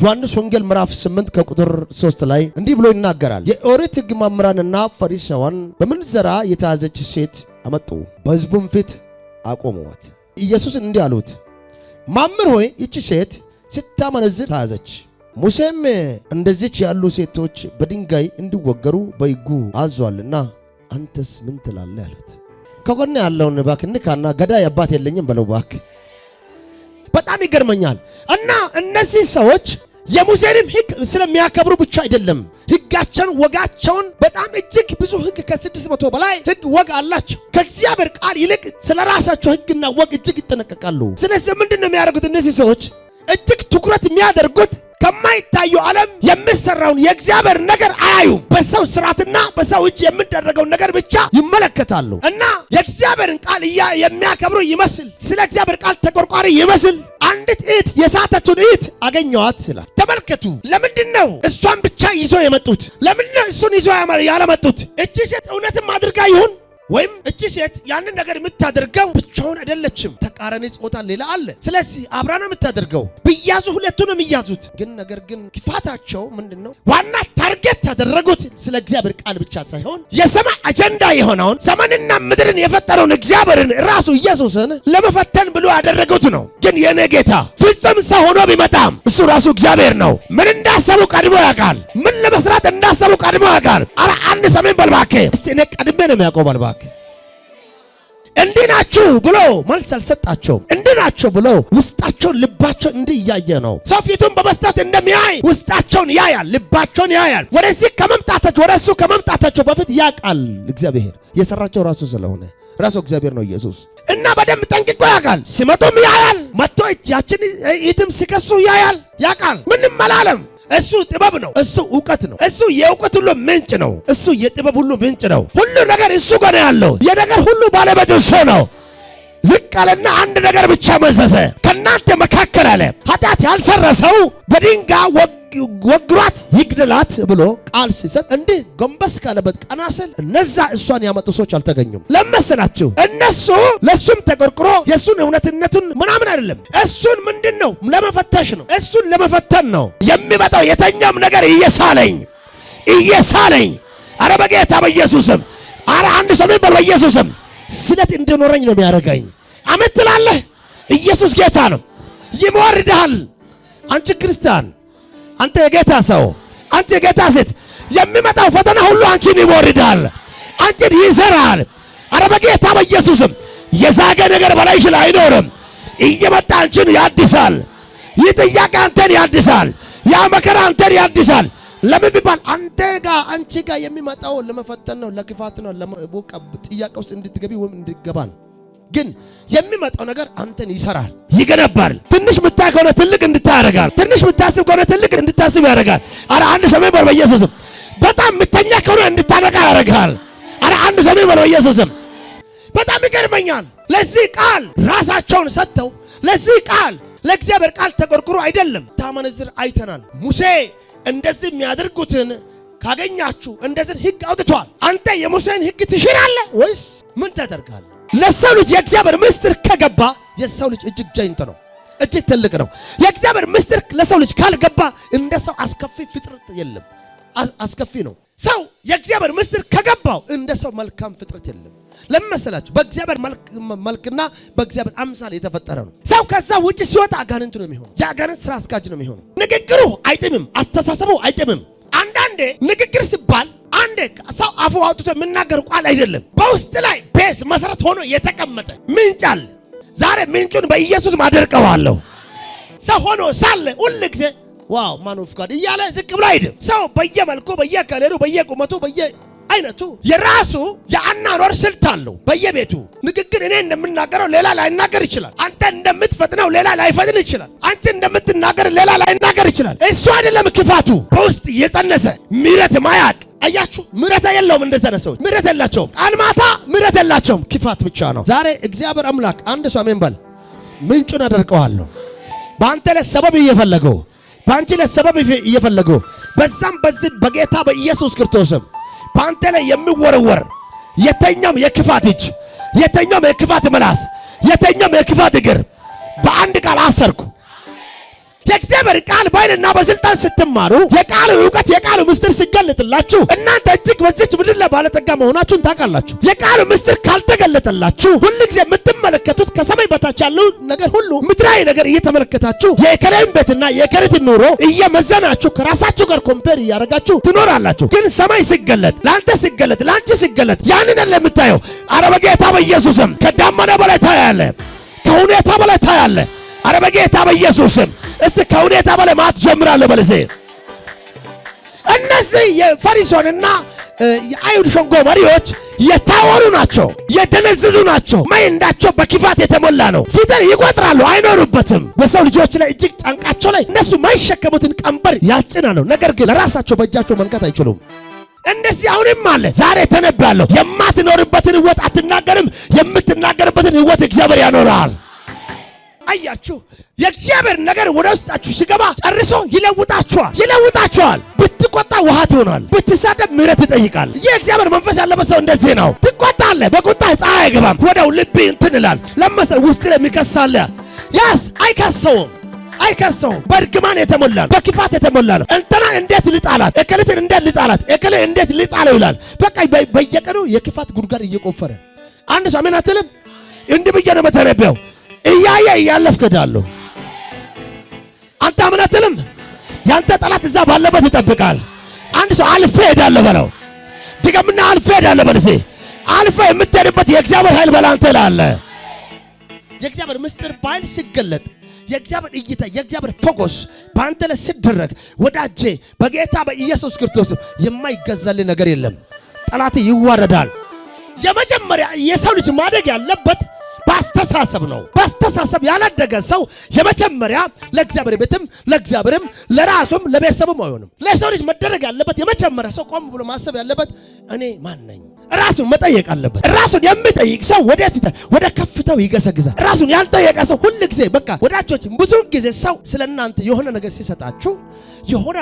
ዮሐንስ ወንጌል ምዕራፍ 8 ከቁጥር 3 ላይ እንዲህ ብሎ ይናገራል። የኦሪት ሕግ መምህራንና ፈሪሳውያን በምንዘራ የተያዘች ሴት አመጡ፣ በሕዝቡም ፊት አቆመዋት። ኢየሱስ እንዲህ አሉት፣ መምህር ሆይ ይቺ ሴት ስታመነዝር ተያዘች። ሙሴም እንደዚች ያሉ ሴቶች በድንጋይ እንዲወገሩ በሕጉ አዟልና አንተስ ምን ትላለህ? አለት ከጎን ያለውን እባክህ ንካና ገዳይ አባት የለኝም በለው እባክህ። በጣም ይገርመኛል እና እነዚህ ሰዎች የሙሴንም ህግ ስለሚያከብሩ ብቻ አይደለም። ህጋቸውን ወጋቸውን በጣም እጅግ ብዙ ህግ ከስድስት መቶ በላይ ህግ ወግ አላቸው። ከእግዚአብሔር ቃል ይልቅ ስለ ራሳቸው ህግና ወግ እጅግ ይጠነቀቃሉ። ስለዚህ ምንድን ነው የሚያደርጉት እነዚህ ሰዎች እጅግ ትኩረት የሚያደርጉት ከማይታየው ዓለም የሚሰራውን የእግዚአብሔር ነገር አያዩም። በሰው ስርዓትና በሰው እጅ የሚደረገውን ነገር ብቻ ይመለከታሉ እና የእግዚአብሔርን ቃል የሚያከብሩ ይመስል ስለ እግዚአብሔር ቃል ተቆርቋሪ ይመስል አንዲት እህት የሳተችውን እህት አገኘዋት ይላል። ተመልከቱ። ለምንድን ነው እሷን ብቻ ይዞ የመጡት? ለምንድን ነው እሱን ይዞ ያለመጡት? እቺ ሴት እውነትም አድርጋ ይሁን ወይም እቺ ሴት ያንን ነገር የምታደርገው ብቻውን አይደለችም፣ ተቃራኒ ጾታ ሌላ አለ። ስለዚህ አብራ ነው የምታደርገው። ብያዙ ሁለቱ ነው የሚያዙት። ግን ነገር ግን ክፋታቸው ምንድን ነው? ዋና ታርጌት ያደረጉት ስለ እግዚአብሔር ቃል ብቻ ሳይሆን የሰማይ አጀንዳ የሆነውን ሰማንና ምድርን የፈጠረውን እግዚአብሔርን ራሱ ኢየሱስን ለመፈተን ብሎ ያደረጉት ነው። ግን የእኔ ጌታ ፍጹም ሰው ሆኖ ቢመጣም እሱ ራሱ እግዚአብሔር ነው። ምን እንዳሰቡ ቀድሞ ያውቃል። ምን ለመስራት እንዳሰቡ ቀድሞ ያውቃል። አረ አንድ ሰሜን በልባኬ እስቲ እኔ ቀድሜ ነው የሚያውቀው በልባኬ እንዲህ ናችሁ ብሎ መልስ አልሰጣቸውም። እንዲህ ናቸው ብሎ ውስጣቸውን ልባቸውን እንዲህ እያየ ነው። ሰው ፊቱን በመስጠት እንደሚያይ ውስጣቸውን ያያል፣ ልባቸውን ያያል። ወደዚህ ከመምጣታቸው ወደ እሱ ከመምጣታቸው በፊት ያውቃል። እግዚአብሔር የሰራቸው ራሱ ስለሆነ ራሱ እግዚአብሔር ነው ኢየሱስ እና በደንብ ጠንቅቆ ያውቃል። ሲመጡም ያያል፣ መጥቶ ያችን ይትም ሲከሱ ያያል፣ ያውቃል። ምንም አላለም። እሱ ጥበብ ነው። እሱ እውቀት ነው። እሱ የእውቀት ሁሉ ምንጭ ነው። እሱ የጥበብ ሁሉ ምንጭ ነው። ሁሉ ነገር እሱ ጋር ያለው የነገር ሁሉ ባለቤት እሱ ነው። ዝቅ አለና አንድ ነገር ብቻ መዘዘ። ከእናንተ መካከል አለ ኃጢአት ያልሰራ ሰው በድንጋይ ወግሯት ይግደላት ብሎ ቃል ሲሰጥ እንዲህ ጎንበስ ካለበት ቀና ስል እነዛ እሷን ያመጡ ሰዎች አልተገኙም። ለመሰላችሁ እነሱ ለእሱም ተቆርቁሮ የእሱን እውነትነቱን ምናምን አይደለም። እሱን ምንድን ነው ለመፈተሽ ነው፣ እሱን ለመፈተን ነው የሚመጣው። የተኛም ነገር እየሳለኝ እየሳለኝ፣ አረ በጌታ በኢየሱስም፣ አረ አንድ ሰው በኢየሱስም ስለት እንደኖረኝ ነው የሚያደርገኝ። አሜን ትላለህ። ኢየሱስ ጌታ ነው። ይመወርድሃል። አንቺ ክርስቲያን፣ አንተ የጌታ ሰው፣ አንቺ የጌታ ሴት፣ የሚመጣው ፈተና ሁሉ አንቺን ይመወርድሃል፣ አንቺን ይሰራል። አረ በጌታ በኢየሱስም የዛገ ነገር በላይሽ ላይ አይኖርም። እየመጣ አንቺን ያድሳል። ይህ ጥያቄ አንተን ያድሳል። ያ መከራ አንተን ያድሳል። ለምን ቢባል አንተ ጋር አንቺ ጋር የሚመጣው ለመፈተን ነው፣ ለክፋት ነው፣ ጥያቄ ውስጥ እንድትገቢ ወይም እንድትገባ ነው። ግን የሚመጣው ነገር አንተን ይሰራል፣ ይገነባል። ትንሽ ምታይ ከሆነ ትልቅ እንድታደርጋል። ትንሽ ምታስብ ከሆነ ትልቅ እንድታስብ ያደርጋል። አረ አንድ ሰሜን በል በኢየሱስም። በጣም ምተኛ ከሆነ እንድታነቃ ያደርጋል። አረ አንድ ሰሜን በል በኢየሱስም። በጣም ይገርመኛል። ለዚህ ቃል ራሳቸውን ሰጥተው ለዚህ ቃል ለእግዚአብሔር ቃል ተቆርቁሮ አይደለም ታመነዝር አይተናል ሙሴ እንደዚህ የሚያደርጉትን ካገኛችሁ እንደዚህ ህግ አውጥቷል። አንተ የሙሴን ህግ ትሽራለህ ወይስ ምን ታደርጋለህ? ለሰው ልጅ የእግዚአብሔር ምስጢር ከገባ የሰው ልጅ እጅግ ጀይንት ነው፣ እጅግ ትልቅ ነው። የእግዚአብሔር ምስጢር ለሰው ልጅ ካልገባ እንደ ሰው አስከፊ ፍጥረት የለም። አስከፊ ነው ሰው የእግዚአብሔር ምስጢር ከገባው እንደ ሰው መልካም ፍጥረት የለም። ለምን መሰላችሁ? በእግዚአብሔር መልክና በእግዚአብሔር አምሳል የተፈጠረ ነው። ሰው ከዛ ውጭ ሲወጣ አጋንንት ነው የሚሆነው። የአጋንንት ስራ አስጋጅ ነው የሚሆነው። ንግግሩ አይጥምም፣ አስተሳሰቡ አይጥምም። አንዳንዴ ንግግር ሲባል አንዴ ሰው አፉ አውጥቶ የሚናገር ቃል አይደለም። በውስጥ ላይ ቤዝ መሰረት ሆኖ የተቀመጠ ምንጭ አለ። ዛሬ ምንጩን በኢየሱስ ማደርቀዋለሁ። ሰው ሆኖ ሳለ ሁል ጊዜ ዋው ማን ፍቃድ እያለ ዝቅ ብሎ አይድም። ሰው በየመልኩ በየከለሩ በየቁመቱ በየአይነቱ የራሱ የአናኗር ስልት አለው። በየቤቱ ንግግር እኔ እንደምናገረው ሌላ ላይናገር ይችላል። አንተ እንደምትፈጥነው ሌላ ላይፈጥን ይችላል። አንቺ እንደምትናገር ሌላ ላይናገር ይችላል። እሱ አይደለም ክፋቱ፣ በውስጥ የጸነሰ ምሕረት ማያቅ አያችሁ፣ ምሕረት የለውም። እንደዚያ ሰዎች፣ ምሕረት የላቸውም። ቀን ምሕረት የላቸውም። ክፋት ብቻ ነው። ዛሬ እግዚአብሔር አምላክ አንድ ሰው አሜን በል፣ ምንጩን አደርቀዋለሁ በአንተ ላይ ሰበብ እየፈለገው በአንቺ ላይ ሰበብ እየፈለጉ በዛም በዚህ በጌታ በኢየሱስ ክርስቶስም በአንተ ላይ የሚወረወር የተኛም የክፋት እጅ፣ የተኛም የክፋት ምላስ፣ የተኛም የክፋት እግር በአንድ ቃል አሰርኩ። የእግዚአብሔር ቃል በኃይልና በስልጣን ስትማሩ የቃሉ እውቀት የቃሉ ምስጢር ሲገለጥላችሁ እናንተ እጅግ በዚች ምድር ላይ ባለጠጋ መሆናችሁን ታውቃላችሁ። የቃሉ ምስጢር ካልተገለጠላችሁ ሁል ጊዜ የምትመለከቱት ከሰማይ በታች ያለው ነገር ሁሉ ምድራዊ ነገር እየተመለከታችሁ የከሬን ቤትና የከሬትን ኑሮ እየመዘናችሁ ከራሳችሁ ጋር ኮምፔር እያደረጋችሁ ትኖራላችሁ። ግን ሰማይ ሲገለጥ፣ ለአንተ ሲገለጥ፣ ለአንቺ ሲገለጥ ያንን የምታየው አረበጌታ በኢየሱስም ከዳመና በላይ ታያለ፣ ከሁኔታ በላይ ታያለ። አረ በጌታ በኢየሱስም እስቲ ከሁኔታ በላይ ማት ጀምራለሁ። በለሴ እነዚህ የፈሪሶንና የአይሁድ ሸንጎ መሪዎች የታወሩ ናቸው፣ የደነዘዙ ናቸው። ማይንዳቸው በክፋት የተሞላ ነው። ፊትን ይቆጥራሉ፣ አይኖሩበትም። በሰው ልጆች ላይ እጅግ ጫንቃቸው ላይ እነሱ ማይሸከሙትን ቀንበር ያጭናሉ። ነገር ግን ለራሳቸው በእጃቸው መንካት አይችሉም። እንደዚህ አሁንም አለ። ዛሬ ተነብያለሁ። የማትኖርበትን ሕይወት አትናገርም፣ የምትናገርበትን ሕይወት እግዚአብሔር ያኖራል። አያችሁ የእግዚአብሔር ነገር ወደ ውስጣችሁ ሲገባ ጨርሶ ይለውጣችኋል፣ ይለውጣችኋል። ብትቆጣ ውሃ ትሆናል፣ ብትሳደብ ምሕረት ይጠይቃል። ይህ መንፈስ ያለበት ሰው እንደዚህ ነው። ትቆጣለህ፣ በቁጣ ፀሐይ አይገባም፣ ወደው ልብ እንትን ይላል። ለመሰል ውስጥ የሚከሳለ ያስ አይከሰውም አይከሰውም በእርግማን የተሞላ ነው። በክፋት የተሞላ ነው። እንትናን እንዴት ልጣላት፣ እክልትን እንዴት ልጣላት፣ እክልን እንዴት ልጣለው ይላል። በቃ በየቀኑ የክፋት ጉድጓድ እየቆፈረ አንድ ሰው አሜን አትልም? እንዲህ ብዬ ነው መተረቢያው እያየ እያለፍ እሄዳለሁ። አንተ እምነትልም ያንተ ጠላት እዛ ባለበት ይጠብቃል። አንድ ሰው አልፌ እሄዳለሁ በለው። ድገምና አልፌ እሄዳለሁ በል። እስኪ አልፌ የምትሄድበት የእግዚአብሔር ኃይል በላንተ ላለ የእግዚአብሔር ምስጢር ባይል ሲገለጥ የእግዚአብሔር እይታ የእግዚአብሔር ፎጎስ በአንተ ላይ ሲደረግ ወዳጄ በጌታ በኢየሱስ ክርስቶስ የማይገዛል ነገር የለም። ጠላት ይዋረዳል። የመጀመሪያ የሰው ልጅ ማደግ ያለበት ባስተሳሰብ ነው። ባስተሳሰብ ያላደገ ሰው የመጀመሪያ ለእግዚአብሔር ቤትም ለእግዚአብሔርም ለራሱም ለቤተሰብም አይሆንም። ለሰው ልጅ መደረግ ያለበት የመጀመሪያ ሰው ቆም ብሎ ማሰብ ያለበት እኔ ማን ነኝ? ራሱን መጠየቅ አለበት። ራሱን የሚጠይቅ ሰው ወዴት ወደ ከፍታው ይገሰግዛል። ራሱን ያልጠየቀ ሰው ሁል ጊዜ በቃ ወዳጆች፣ ብዙ ጊዜ ሰው ስለእናንተ የሆነ ነገር ሲሰጣችሁ የሆነ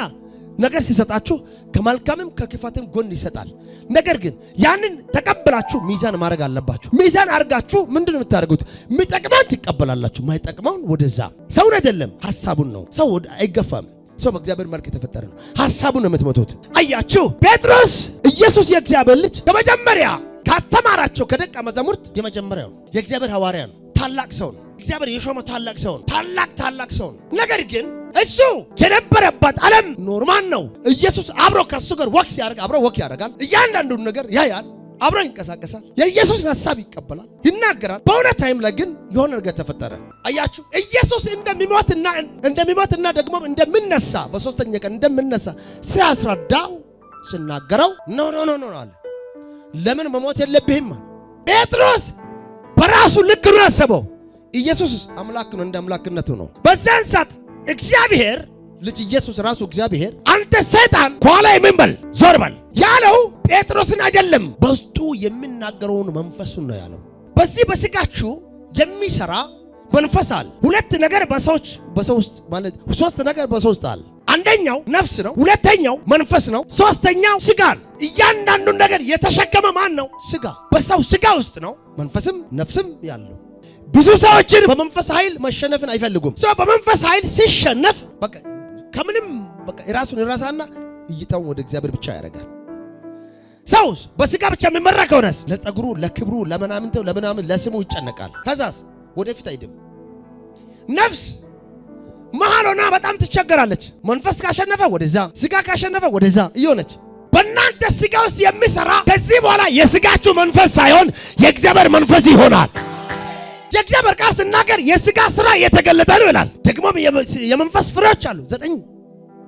ነገር ሲሰጣችሁ ከመልካምም ከክፋትም ጎን ይሰጣል። ነገር ግን ያንን ተቀብላችሁ ሚዛን ማድረግ አለባችሁ። ሚዛን አድርጋችሁ ምንድን የምታደርጉት? የሚጠቅመውን ትቀበላላችሁ፣ ማይጠቅመውን ወደዛ። ሰውን አይደለም ሀሳቡን ነው። ሰው አይገፋም። ሰው በእግዚአብሔር መልክ የተፈጠረ ነው። ሀሳቡን ነው የምትመቱት። አያችሁ ጴጥሮስ ኢየሱስ የእግዚአብሔር ልጅ ከመጀመሪያ ካስተማራቸው ከደቀ መዛሙርት የመጀመሪያው ነው። የእግዚአብሔር ሐዋርያ ነው። ታላቅ ሰው ነው። እግዚአብሔር የሾመ ታላቅ ሰው ነው። ታላቅ ታላቅ ሰው ነው። ነገር ግን እሱ የነበረባት ዓለም ኖርማል ነው። ኢየሱስ አብሮ ከሱ ጋር ወክ ሲያደርግ አብሮ ወክ ያደርጋል። እያንዳንዱ ነገር ያያል። አብሮ ይንቀሳቀሳል። የኢየሱስን ሀሳብ ይቀበላል፣ ይናገራል። በእውነት ታይም ላይ ግን የሆነ ነገር ተፈጠረ። አያችሁ ኢየሱስ እንደሚሞትና እንደሚሞትና ደግሞ እንደምነሳ በሶስተኛ ቀን እንደምነሳ ሲያስረዳው ስናገረው ኖ ኖ ኖ ኖ አለ። ለምን መሞት የለብህም? ጴጥሮስ በራሱ ልክ ነው ያሰበው። ኢየሱስ አምላክ ነው፣ እንደ አምላክነቱ ነው። በዛን ሰዓት እግዚአብሔር ልጅ ኢየሱስ ራሱ እግዚአብሔር አንተ ሰይጣን ከኋላ የምንበል ዞር በል ያለው ጴጥሮስን አይደለም፣ በውስጡ የሚናገረውን መንፈሱን ነው ያለው። በዚህ በስጋችሁ የሚሰራ መንፈስ አለ። ሁለት ነገር በሰዎች በሰው ውስጥ ማለት ሶስት ነገር በሰው ውስጥ አለ። አንደኛው ነፍስ ነው፣ ሁለተኛው መንፈስ ነው፣ ሶስተኛው ስጋ ነው። እያንዳንዱን ነገር የተሸከመ ማን ነው? ስጋ። በሰው ስጋ ውስጥ ነው መንፈስም ነፍስም ያለው ብዙ ሰዎችን በመንፈስ ኃይል መሸነፍን አይፈልጉም። ሰው በመንፈስ ኃይል ሲሸነፍ ከምንም የራሱን ራሱን ይረሳና እይታውን ወደ እግዚአብሔር ብቻ ያደርጋል። ሰው በስጋ ብቻ የሚመራ ከሆነስ ለጸጉሩ፣ ለክብሩ፣ ለምናምንተው ለምናምን ለስሙ ይጨነቃል። ከዛስ ወደፊት አይድም። ነፍስ መሀል ሆና በጣም ትቸገራለች። መንፈስ ካሸነፈ ወደዛ፣ ስጋ ካሸነፈ ወደዛ እየሆነች በእናንተ ስጋ ውስጥ የሚሰራ ከዚህ በኋላ የስጋችሁ መንፈስ ሳይሆን የእግዚአብሔር መንፈስ ይሆናል። የእግዚአብሔር ቃል ስናገር የስጋ ስራ የተገለጠ ነው ይላል። ደግሞ የመንፈስ ፍሬዎች አሉ ዘጠኝ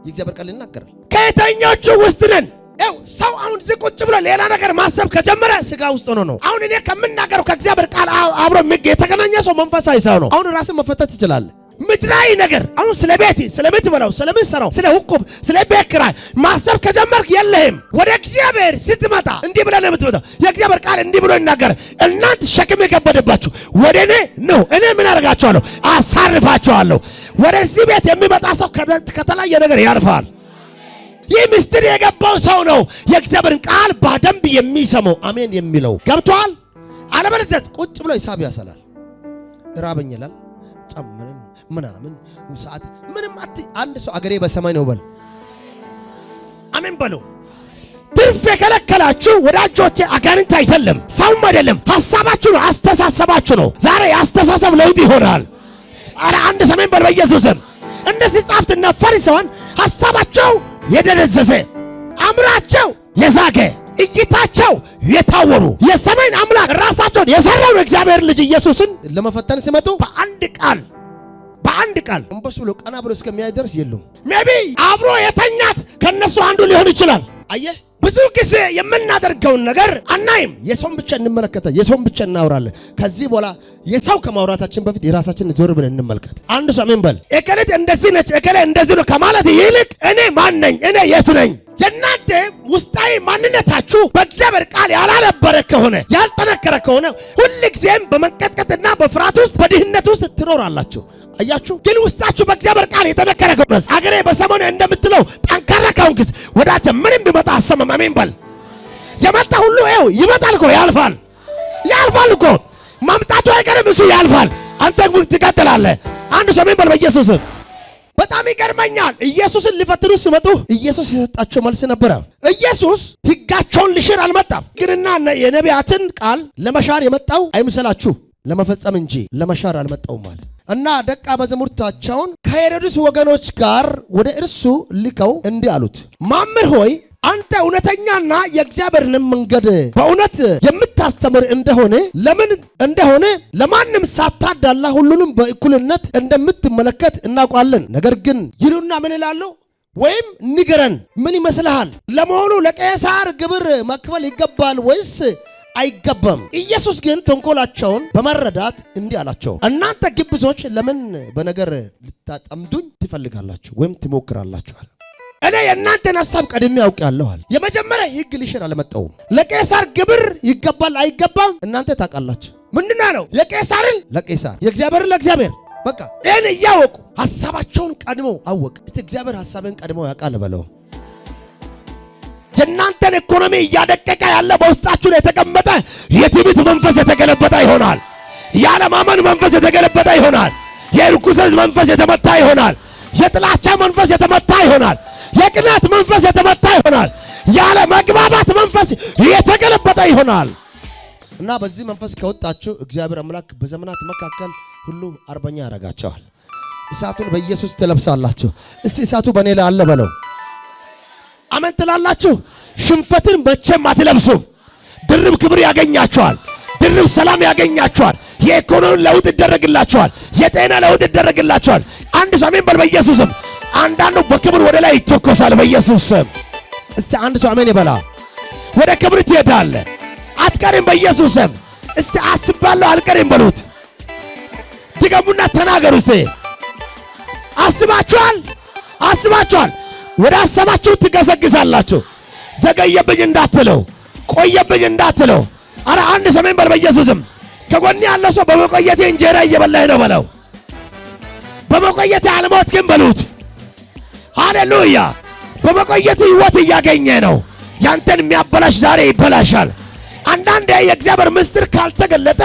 የእግዚአብሔር ቃል ይናገራል። ከየተኞቹ ውስጥ ነን? ይኸው ሰው አሁን እዚህ ቁጭ ብሎ ሌላ ነገር ማሰብ ከጀመረ ስጋ ውስጥ ሆኖ ነው። አሁን እኔ ከምናገረው ከእግዚአብሔር ቃል አብሮ የሚገኝ የተገናኘ ሰው መንፈሳዊ ሰው ነው። አሁን ራስን መፈተት ትችላለህ። ምድራዊ ነገር አሁን ስለ ቤት ስለ ምትበላው ስለ ምሰራው ስለ ቤት ኪራይ ማሰብ ከጀመርክ የለህም። ወደ እግዚአብሔር ስትመጣ እንዲህ ብለህ ነው የምትመጣው። የእግዚአብሔር ቃል እንዲህ ብሎ ይናገር። እናንት ሸክም የከበደባችሁ ወደ እኔ ነው፣ እኔ ምን አደርጋችኋለሁ? አሳርፋችኋለሁ። ወደዚህ ቤት የሚመጣ ሰው ከተለያየ ነገር ያርፋል። ይህ ምስጢር የገባው ሰው ነው የእግዚአብሔርን ቃል በደንብ የሚሰማው አሜን የሚለው ገብቷል። አለበለዚያ ቁጭ ብሎ ሂሳብ ያሰላል። እራበኝ ይላል ጨምረን ምናምን ሰዓት ምንም አት አንድ ሰው አገሬ በሰማይ ነው በል አሜን በሉ። ትርፍ የከለከላችሁ ወዳጆቼ አጋንንት አይደለም፣ ሰውም አይደለም፣ ሀሳባችሁ ነው፣ አስተሳሰባችሁ ነው። ዛሬ የአስተሳሰብ ለውጥ ይሆናል። አረ አንድ ሰሜን በል በኢየሱስም። እነዚህ ጻፍትና ፈሪሳውያን ሀሳባቸው የደነዘዘ አምራቸው የዛገ እይታቸው የታወሩ የሰማይን አምላክ ራሳቸውን የሰራውን እግዚአብሔር ልጅ ኢየሱስን ለመፈተን ሲመጡ በአንድ ቃል በአንድ ቃል እንበስ ብሎ ቀና ብሎ እስከሚያደርስ የለውም። ሜቢ አብሮ የተኛት ከነሱ አንዱ ሊሆን ይችላል። አየህ ብዙ ጊዜ የምናደርገውን ነገር አናይም። የሰውን ብቻ እንመለከታል፣ የሰውን ብቻ እናወራለን። ከዚህ በኋላ የሰው ከማውራታችን በፊት የራሳችን ዞር ብለን እንመልከት። አንዱ ሰው በል። እከሌት እንደዚህ ነች፣ እከሌ እንደዚህ ነው ከማለት ይልቅ እኔ ማን ነኝ፣ እኔ የት ነኝ የእናንተ ውስጣዊ ማንነታችሁ በእግዚአብሔር ቃል ያላነበረ ከሆነ ያልጠነከረ ከሆነ ጊዜም በመንቀጥቀጥና በፍርሃት ውስጥ በድህነት ውስጥ ትኖራላችሁ። አያችሁ ግን ውስጣችሁ በእግዚአብሔር ቃል የተነከረ ድረስ አገሬ በሰሞኑ እንደምትለው ጠንካራ ካውንክስ ወዳጀ ምንም ቢመጣ አሰማም። አሜን በል። የመጣ ሁሉ ይኸው ይመጣል እኮ ያልፋል፣ ያልፋል እኮ ማምጣቱ አይቀርም። እሱ ያልፋል፣ አንተ ግን ትቀጥላለህ። አንድ ሰው አሜን በል በኢየሱስ በጣም ይገርመኛል። ኢየሱስን ሊፈትኑ ሲመጡ ኢየሱስ የሰጣቸው መልስ ነበረ። ኢየሱስ ሕጋቸውን ሊሽር አልመጣም፣ ግንና የነቢያትን ቃል ለመሻር የመጣው አይምሰላችሁ። ለመፈጸም እንጂ ለመሻር አልመጣውም አለ እና ደቀ መዛሙርታቸውን ከሄሮድስ ወገኖች ጋር ወደ እርሱ ልከው እንዲህ አሉት፣ መምህር ሆይ አንተ እውነተኛና የእግዚአብሔርንም መንገድ በእውነት የምታስተምር እንደሆነ ለምን እንደሆነ ለማንም ሳታዳላ ሁሉንም በእኩልነት እንደምትመለከት እናውቃለን። ነገር ግን ይሉና ምን ይላሉ? ወይም ንገረን፣ ምን ይመስልሃል? ለመሆኑ ለቄሳር ግብር መክፈል ይገባል ወይስ አይገባም። ኢየሱስ ግን ተንኮላቸውን በመረዳት እንዲህ አላቸው፣ እናንተ ግብዞች ለምን በነገር ልታጠምዱኝ ትፈልጋላችሁ ወይም ትሞክራላችኋል? እኔ የእናንተን ሀሳብ ቀድሜ ያውቃለኋል። የመጀመሪያ ሕግ ሊሽር አልመጣሁም። ለቄሳር ግብር ይገባል አይገባም እናንተ ታውቃላችሁ። ምንድን ነው የቄሳርን ለቄሳር የእግዚአብሔርን ለእግዚአብሔር በቃ ይህን እያወቁ ሀሳባቸውን ቀድሞ አወቅ። እስቲ እግዚአብሔር ሀሳብን ቀድሞ ያውቃል በለው። የእናንተን ኢኮኖሚ እያደቀቀ ያለ በውስጣችሁ የተቀመጠ የትዕቢት መንፈስ የተገለበጠ ይሆናል። የአለማመን መንፈስ የተገለበጠ ይሆናል። የርኩሰት መንፈስ የተመታ ይሆናል። የጥላቻ መንፈስ የተመታ ይሆናል። የቅናት መንፈስ የተመታ ይሆናል። ያለ መግባባት መንፈስ የተገለበጠ ይሆናል እና በዚህ መንፈስ ከወጣችሁ እግዚአብሔር አምላክ በዘመናት መካከል ሁሉ አርበኛ ያደርጋቸዋል። እሳቱን በኢየሱስ ትለብሳላችሁ። እስቲ እሳቱ በእኔ ላይ አለ በለው። አመን ትላላችሁ። ሽንፈትን መቼም አትለብሱም። ድርብ ክብር ያገኛችኋል። ድርብ ሰላም ያገኛችኋል። የኢኮኖሚ ለውጥ ይደረግላችኋል። የጤና ለውጥ ይደረግላችኋል። አንድ ሰው አሜን በል። በኢየሱስም አንዳንዱ በክብር ወደ ላይ ይተኮሳል። በኢየሱስ ስም እስቲ አንድ ሰው አሜን ይበላ። ወደ ክብር ትሄዳለ። አትቀሪም። በኢየሱስ ስም እስቲ አስባለሁ አልቀሪም በሉት። ድገሙና ተናገሩ። እስቲ አስባችኋል፣ አስባችኋል ወደ ሐሳባችሁ ትገሰግሳላችሁ። ዘገየብኝ እንዳትለው፣ ቆየብኝ እንዳትለው። አረ አንድ ሰሜን በል። በኢየሱስም ከጎን ያለ ሰው በመቆየቴ እንጀራ እየበላ ነው በለው። በመቆየቴ አልሞትክም በሉት። ሃሌሉያ! በመቆየት ህይወት እያገኘ ነው። ያንተን የሚያበላሽ ዛሬ ይበላሻል። አንዳንድ የእግዚአብሔር ምስጢር ካልተገለጠ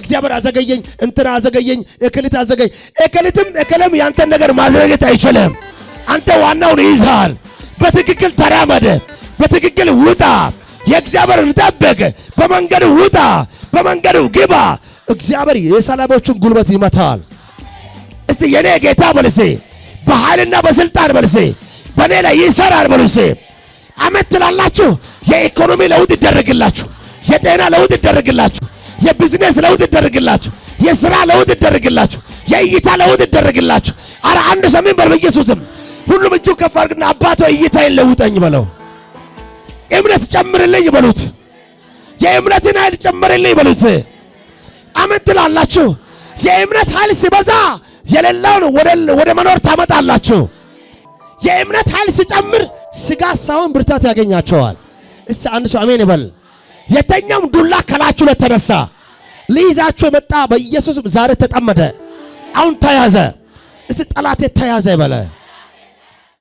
እግዚአብሔር አዘገየኝ፣ እንትን አዘገየኝ፣ እክልት አዘገኝ። እክልትም እክልም ያንተን ነገር ማዘገየት አይችልም። አንተ ዋናውን ይዛል። በትክክል ተራመደ፣ በትክክል ውጣ። የእግዚአብሔርን ጠብቅ። በመንገዱ ውጣ፣ በመንገዱ ግባ። እግዚአብሔር የሰላሞችን ጉልበት ይመታል። እስቲ የኔ ጌታ በልሴ በኃይልና በስልጣን በልሴ በኔ ላይ ይሰራል በልሴ አመት ትላላችሁ። የኢኮኖሚ ለውጥ ይደረግላችሁ፣ የጤና ለውጥ ይደረግላችሁ፣ የቢዝነስ ለውጥ ይደረግላችሁ፣ የስራ ለውጥ ይደረግላችሁ፣ የእይታ ለውጥ ይደረግላችሁ። አረ አንድ ሰሜን በል በኢየሱስም ሁሉም እጁ ከፍ አድርግና አባቶ እይታዬን ለውጠኝ በለው። እምነት ጨምርልኝ በሉት። የእምነትን ኃይል ጨምርልኝ በሉት። አመን ትላላችሁ። የእምነት ኃይል ሲበዛ የሌላውን ወደ ወደ መኖር ታመጣላችሁ። የእምነት ኃይል ሲጨምር ስጋ ሳይሆን ብርታት ያገኛቸዋል። እስቲ አንድ ሰው አሜን ይበል። የተኛም ዱላ ከላችሁ ለተነሳ ሊይዛችሁ የመጣ በኢየሱስ ዛሬ ተጠመደ። አሁን ተያዘ። እስቲ ጠላቴ ተያዘ ይበለ